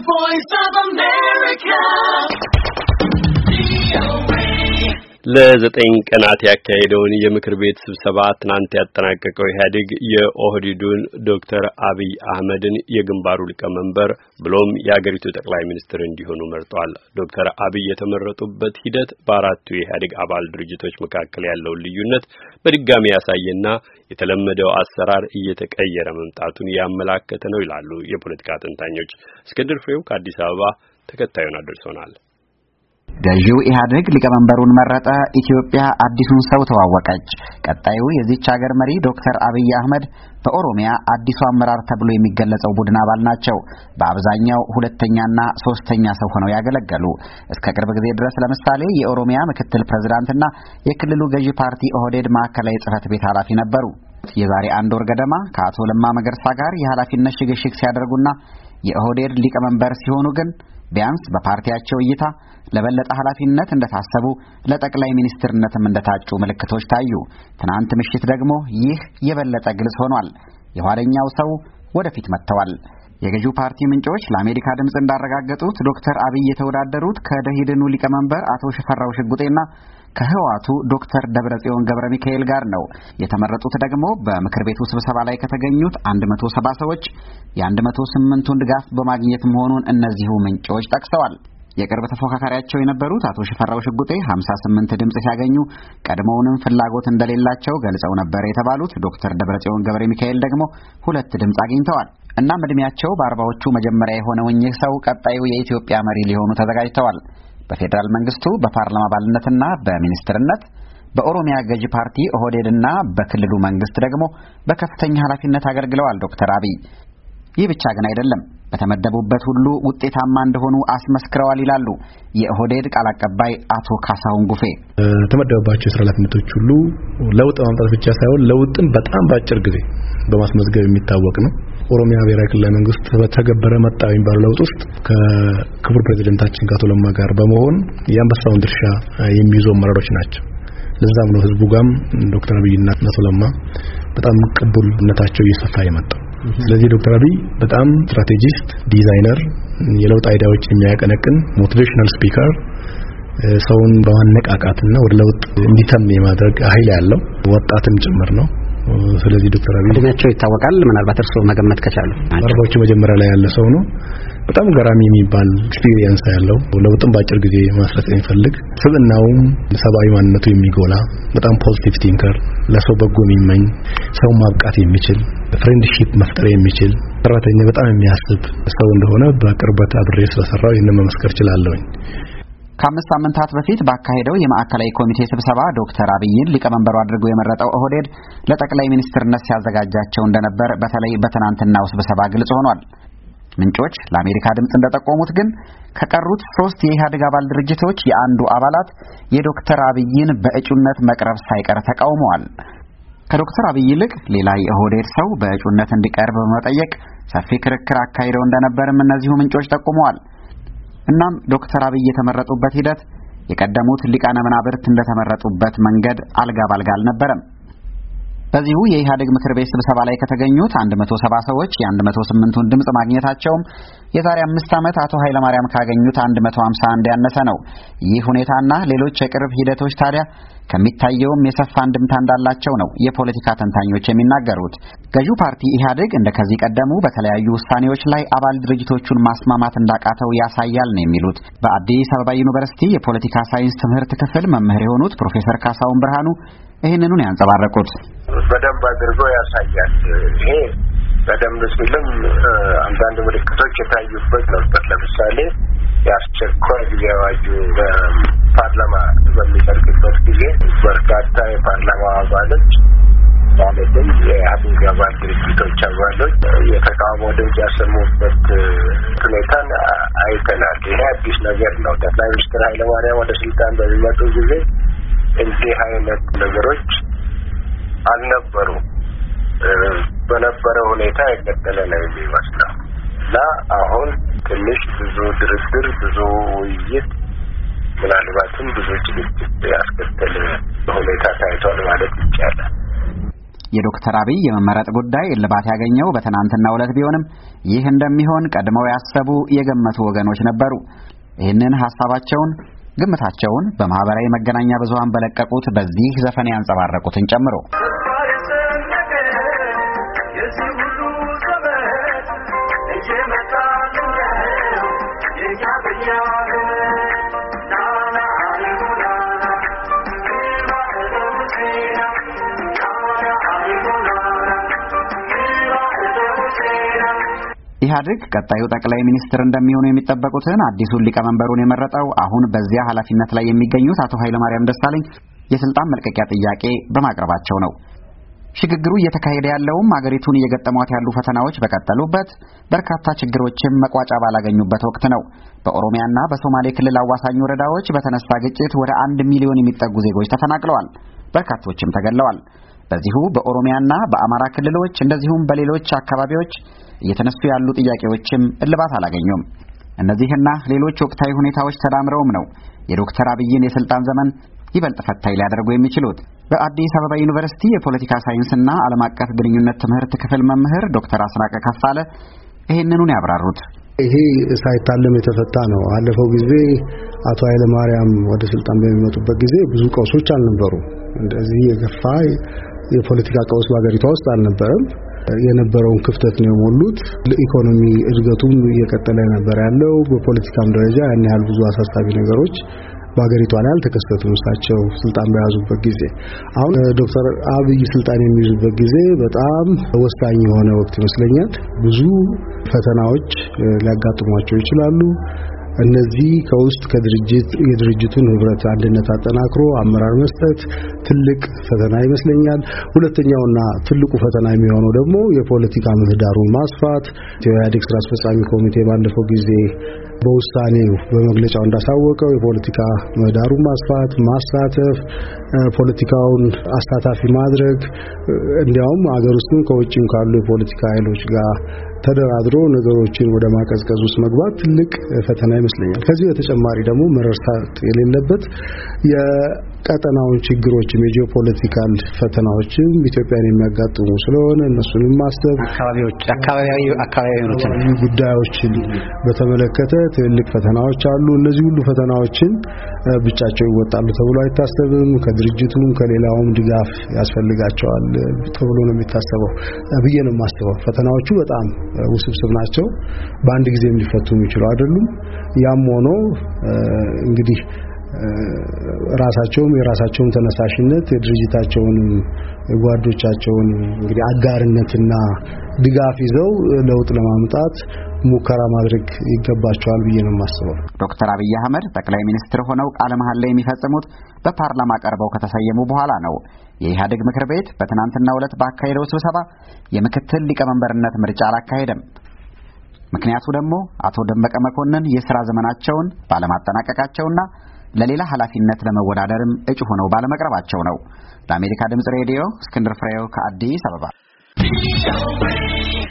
voice of America. ለዘጠኝ ቀናት ያካሄደውን የምክር ቤት ስብሰባ ትናንት ያጠናቀቀው ኢህአዴግ የኦህዲዱን ዶክተር አብይ አህመድን የግንባሩ ሊቀመንበር ብሎም የአገሪቱ ጠቅላይ ሚኒስትር እንዲሆኑ መርጧል። ዶክተር አብይ የተመረጡበት ሂደት በአራቱ የኢህአዴግ አባል ድርጅቶች መካከል ያለውን ልዩነት በድጋሚ ያሳየና የተለመደው አሰራር እየተቀየረ መምጣቱን ያመላከተ ነው ይላሉ የፖለቲካ ተንታኞች። እስክንድር ፍሬው ከአዲስ አበባ ተከታዩን አድርሶናል። ገዢው ኢህአዴግ ሊቀመንበሩን መረጠ። ኢትዮጵያ አዲሱን ሰው ተዋወቀች። ቀጣዩ የዚች ሀገር መሪ ዶክተር አብይ አህመድ በኦሮሚያ አዲሱ አመራር ተብሎ የሚገለጸው ቡድን አባል ናቸው። በአብዛኛው ሁለተኛና ሶስተኛ ሰው ሆነው ያገለገሉ፣ እስከ ቅርብ ጊዜ ድረስ ለምሳሌ የኦሮሚያ ምክትል ፕሬዝዳንትና የክልሉ ገዢ ፓርቲ ኦህዴድ ማዕከላዊ ጽህፈት ቤት ኃላፊ ነበሩ። የዛሬ አንድ ወር ገደማ ከአቶ ለማ መገርሳ ጋር የኃላፊነት ሽግሽግ ሲያደርጉና የኦህዴድ ሊቀመንበር ሲሆኑ ግን ቢያንስ በፓርቲያቸው እይታ ለበለጠ ኃላፊነት እንደታሰቡ ለጠቅላይ ሚኒስትርነትም እንደታጩ ምልክቶች ታዩ። ትናንት ምሽት ደግሞ ይህ የበለጠ ግልጽ ሆኗል። የኋለኛው ሰው ወደፊት መጥተዋል። የገዢው ፓርቲ ምንጮች ለአሜሪካ ድምፅ እንዳረጋገጡት ዶክተር አብይ የተወዳደሩት ከደሂድኑ ሊቀመንበር አቶ ሽፈራው ሽጉጤና ከህወሓቱ ዶክተር ደብረጽዮን ገብረ ሚካኤል ጋር ነው። የተመረጡት ደግሞ በምክር ቤቱ ስብሰባ ላይ ከተገኙት 170 ሰዎች የ108ቱን ድጋፍ በማግኘት መሆኑን እነዚሁ ምንጮች ጠቅሰዋል። የቅርብ ተፎካካሪያቸው የነበሩት አቶ ሽፈራው ሽጉጤ 58 ድምፅ ሲያገኙ ቀድሞውንም ፍላጎት እንደሌላቸው ገልጸው ነበር የተባሉት ዶክተር ደብረጽዮን ገብረ ሚካኤል ደግሞ ሁለት ድምፅ አግኝተዋል። እናም እድሜያቸው በአርባዎቹ መጀመሪያ የሆነው እኚህ ሰው ቀጣዩ የኢትዮጵያ መሪ ሊሆኑ ተዘጋጅተዋል። በፌዴራል መንግስቱ በፓርላማ ባልነትና በሚኒስትርነት፣ በኦሮሚያ ገዢ ፓርቲ ኦህዴድና በክልሉ መንግስት ደግሞ በከፍተኛ ኃላፊነት አገልግለዋል ዶክተር አብይ። ይህ ብቻ ግን አይደለም። በተመደቡበት ሁሉ ውጤታማ እንደሆኑ አስመስክረዋል ይላሉ የኦህዴድ ቃል አቀባይ አቶ ካሳሁን ጉፌ። የተመደበባቸው የስራ ኃላፊነቶች ሁሉ ለውጥ ማምጣት ብቻ ሳይሆን ለውጥን በጣም በአጭር ጊዜ በማስመዝገብ የሚታወቅ ነው። ኦሮሚያ ብሔራዊ ክልላዊ መንግስት በተገበረ መጣ የሚባሉ ለውጥ ውስጥ ከክቡር ፕሬዚደንታችን ከአቶ ለማ ጋር በመሆን የአንበሳውን ድርሻ የሚይዙ አመራሮች ናቸው። ለዛም ነው ህዝቡ ጋም ዶክተር አብይና አቶ ለማ በጣም ቅቡልነታቸው እየሰፋ የመጣው። ስለዚህ ዶክተር አብይ በጣም ስትራቴጂስት፣ ዲዛይነር፣ የለውጥ አይዳዎች የሚያቀነቅን ሞቲቬሽናል ስፒከር ሰውን በማነቃቃትና ወደ ለውጥ እንዲተም የማድረግ ኃይል ያለው ወጣትም ጭምር ነው። ስለዚህ ዶክተር አብይ እድሜያቸው ይታወቃል። ምናልባት እርስዎ መገመት ከቻሉ አርባዎቹ መጀመሪያ ላይ ያለ ሰው ነው። በጣም ገራሚ የሚባል ኤክስፒሪየንስ ያለው ለውጥም በአጭር ጊዜ ማስረጽ የሚፈልግ ስብዕናውም ሰብአዊ ማንነቱ የሚጎላ በጣም ፖዚቲቭ ቲንከር፣ ለሰው በጎ የሚመኝ፣ ሰው ማብቃት የሚችል ፍሬንድሺፕ መፍጠር የሚችል ሰራተኛ በጣም የሚያስብ ሰው እንደሆነ በቅርበት አብሬ ስለሰራው ይህንን መመስከር እችላለሁኝ። ከአምስት ሳምንታት በፊት ባካሄደው የማዕከላዊ ኮሚቴ ስብሰባ ዶክተር አብይን ሊቀመንበሩ አድርጎ የመረጠው ኦህዴድ ለጠቅላይ ሚኒስትርነት ሲያዘጋጃቸው እንደነበር በተለይ በትናንትናው ስብሰባ ግልጽ ሆኗል። ምንጮች ለአሜሪካ ድምፅ እንደጠቆሙት ግን ከቀሩት ሶስት የኢህአዴግ አባል ድርጅቶች የአንዱ አባላት የዶክተር አብይን በእጩነት መቅረብ ሳይቀር ተቃውመዋል። ከዶክተር አብይ ይልቅ ሌላ የኦህዴድ ሰው በእጩነት እንዲቀርብ በመጠየቅ ሰፊ ክርክር አካሂደው እንደነበርም እነዚሁ ምንጮች ጠቁመዋል። እናም ዶክተር አብይ የተመረጡበት ሂደት የቀደሙት ሊቃነ መናብርት እንደተመረጡበት መንገድ አልጋ ባልጋ አልነበረም። በዚሁ የኢህአዴግ ምክር ቤት ስብሰባ ላይ ከተገኙት 170 ሰዎች የ108ቱን ድምፅ ማግኘታቸውም የዛሬ አምስት ዓመት አቶ ኃይለማርያም ካገኙት 151 ያነሰ ነው። ይህ ሁኔታና ሌሎች የቅርብ ሂደቶች ታዲያ ከሚታየውም የሰፋ አንድምታ እንዳላቸው ነው የፖለቲካ ተንታኞች የሚናገሩት። ገዢው ፓርቲ ኢህአዴግ እንደ ከዚህ ቀደሙ በተለያዩ ውሳኔዎች ላይ አባል ድርጅቶቹን ማስማማት እንዳቃተው ያሳያል ነው የሚሉት በአዲስ አበባ ዩኒቨርሲቲ የፖለቲካ ሳይንስ ትምህርት ክፍል መምህር የሆኑት ፕሮፌሰር ካሳሁን ብርሃኑ ይህንኑን ያንጸባረቁት በደንብ አድርጎ ያሳያል። ይሄ በደንብ ሲልም አንዳንድ ለምሳሌ የአስቸኳይ ጊዜ አዋጁ ፓርላማ በሚጠርቅበት ጊዜ በርካታ የፓርላማ አባሎች ማለትም የኢህአዴግ አባል ድርጅቶች አባሎች የተቃውሞ ድምጽ ያሰሙበት ሁኔታን አይተናል። ይሄ አዲስ ነገር ነው። ጠቅላይ ሚኒስትር ኃይለማርያም ወደ ስልጣን በሚመጡ ጊዜ እንዲህ አይነት ነገሮች አልነበሩ። በነበረው ሁኔታ የቀጠለ ነው የሚመስለው። እና አሁን ትንሽ ብዙ ድርድር፣ ብዙ ውይይት፣ ምናልባትም ብዙ ጭግጭት ያስከተለ ሁኔታ ታይቷል ማለት ይቻላል። የዶክተር አብይ የመመረጥ ጉዳይ እልባት ያገኘው በትናንትናው ዕለት ቢሆንም ይህ እንደሚሆን ቀድመው ያሰቡ የገመቱ ወገኖች ነበሩ። ይህንን ሀሳባቸውን ግምታቸውን በማህበራዊ መገናኛ ብዙሃን በለቀቁት በዚህ ዘፈን ያንጸባረቁትን ጨምሮ ኢህአዴግ ቀጣዩ ጠቅላይ ሚኒስትር እንደሚሆኑ የሚጠበቁትን አዲሱን ሊቀመንበሩን የመረጠው አሁን በዚያ ኃላፊነት ላይ የሚገኙት አቶ ኃይለማርያም ደሳለኝ የስልጣን መልቀቂያ ጥያቄ በማቅረባቸው ነው። ሽግግሩ እየተካሄደ ያለውም አገሪቱን እየገጠሟት ያሉ ፈተናዎች በቀጠሉበት በርካታ ችግሮችም መቋጫ ባላገኙበት ወቅት ነው። በኦሮሚያና በሶማሌ ክልል አዋሳኝ ወረዳዎች በተነሳ ግጭት ወደ አንድ ሚሊዮን የሚጠጉ ዜጎች ተፈናቅለዋል፣ በርካቶችም ተገለዋል። በዚሁ በኦሮሚያና በአማራ ክልሎች እንደዚሁም በሌሎች አካባቢዎች እየተነሱ ያሉ ጥያቄዎችም እልባት አላገኙም። እነዚህና ሌሎች ወቅታዊ ሁኔታዎች ተዳምረውም ነው የዶክተር አብይን የስልጣን ዘመን ይበልጥ ፈታኝ ሊያደርጉ የሚችሉት። በአዲስ አበባ ዩኒቨርሲቲ የፖለቲካ ሳይንስና ዓለም አቀፍ ግንኙነት ትምህርት ክፍል መምህር ዶክተር አስናቀ ከፋለ ይህንኑን ያብራሩት። ይሄ ሳይታለም የተፈታ ነው። አለፈው ጊዜ አቶ ኃይለ ማርያም ወደ ስልጣን በሚመጡበት ጊዜ ብዙ ቀውሶች አልነበሩ። እንደዚህ የገፋ የፖለቲካ ቀውስ በሀገሪቷ ውስጥ አልነበረም። የነበረውን ክፍተት ነው የሞሉት። ለኢኮኖሚ እድገቱም እየቀጠለ ነበር ያለው። በፖለቲካም ደረጃ ያን ያህል ብዙ አሳሳቢ ነገሮች በሀገሪቷ ላይ አልተከሰቱም። እሳቸው ስልጣን በያዙበት ጊዜ አሁን ዶክተር አብይ ስልጣን የሚይዙበት ጊዜ በጣም ወሳኝ የሆነ ወቅት ይመስለኛል። ብዙ ፈተናዎች ሊያጋጥሟቸው ይችላሉ። እነዚህ ከውስጥ ከድርጅት የድርጅቱን ህብረት አንድነት አጠናክሮ አመራር መስጠት ትልቅ ፈተና ይመስለኛል። ሁለተኛውና ትልቁ ፈተና የሚሆነው ደግሞ የፖለቲካ ምህዳሩን ማስፋት ኢህአዴግ ስራ አስፈጻሚ ኮሚቴ ባለፈው ጊዜ በውሳኔው በመግለጫው እንዳሳወቀው የፖለቲካ ምህዳሩን ማስፋት፣ ማሳተፍ፣ ፖለቲካውን አሳታፊ ማድረግ እንዲያውም አገር ውስጥም ከውጭም ካሉ የፖለቲካ ኃይሎች ጋር ተደራድሮ ነገሮችን ወደ ማቀዝቀዝ ውስጥ መግባት ትልቅ ፈተና ይመስለኛል። ከዚህ በተጨማሪ ደግሞ መረሳት የሌለበት የቀጠናውን ችግሮችም የጂኦፖለቲካል ፈተናዎችም ኢትዮጵያን የሚያጋጥሙ ስለሆነ እነሱንም ማሰብ አካባቢዎች አካባቢያዊ ጉዳዮችን በተመለከተ ትልልቅ ፈተናዎች አሉ። እነዚህ ሁሉ ፈተናዎችን ብቻቸው ይወጣሉ ተብሎ አይታሰብም። ከድርጅቱም ከሌላውም ድጋፍ ያስፈልጋቸዋል ተብሎ ነው የሚታሰበው ብዬ ነው የማስበው። ፈተናዎቹ በጣም ውስብስብ ናቸው። በአንድ ጊዜ ሊፈቱ የሚችሉ አይደሉም። ያም ሆኖ እንግዲህ ራሳቸውም የራሳቸውን ተነሳሽነት የድርጅታቸውን ጓዶቻቸውን እንግዲህ አጋርነትና ድጋፍ ይዘው ለውጥ ለማምጣት ሙከራ ማድረግ ይገባቸዋል ብዬ ነው የማስበው። ዶክተር አብይ አህመድ ጠቅላይ ሚኒስትር ሆነው ቃለ መሐላ የሚፈጽሙት በፓርላማ ቀርበው ከተሰየሙ በኋላ ነው። የኢህአዴግ ምክር ቤት በትናንትናው ዕለት ባካሄደው ስብሰባ የምክትል ሊቀመንበርነት ምርጫ አላካሄደም። ምክንያቱ ደግሞ አቶ ደመቀ መኮንን የሥራ ዘመናቸውን ባለማጠናቀቃቸውና ለሌላ ኃላፊነት ለመወዳደርም እጩ ሆነው ባለመቅረባቸው ነው። ለአሜሪካ ድምፅ ሬዲዮ እስክንድር ፍሬው ከአዲስ አበባ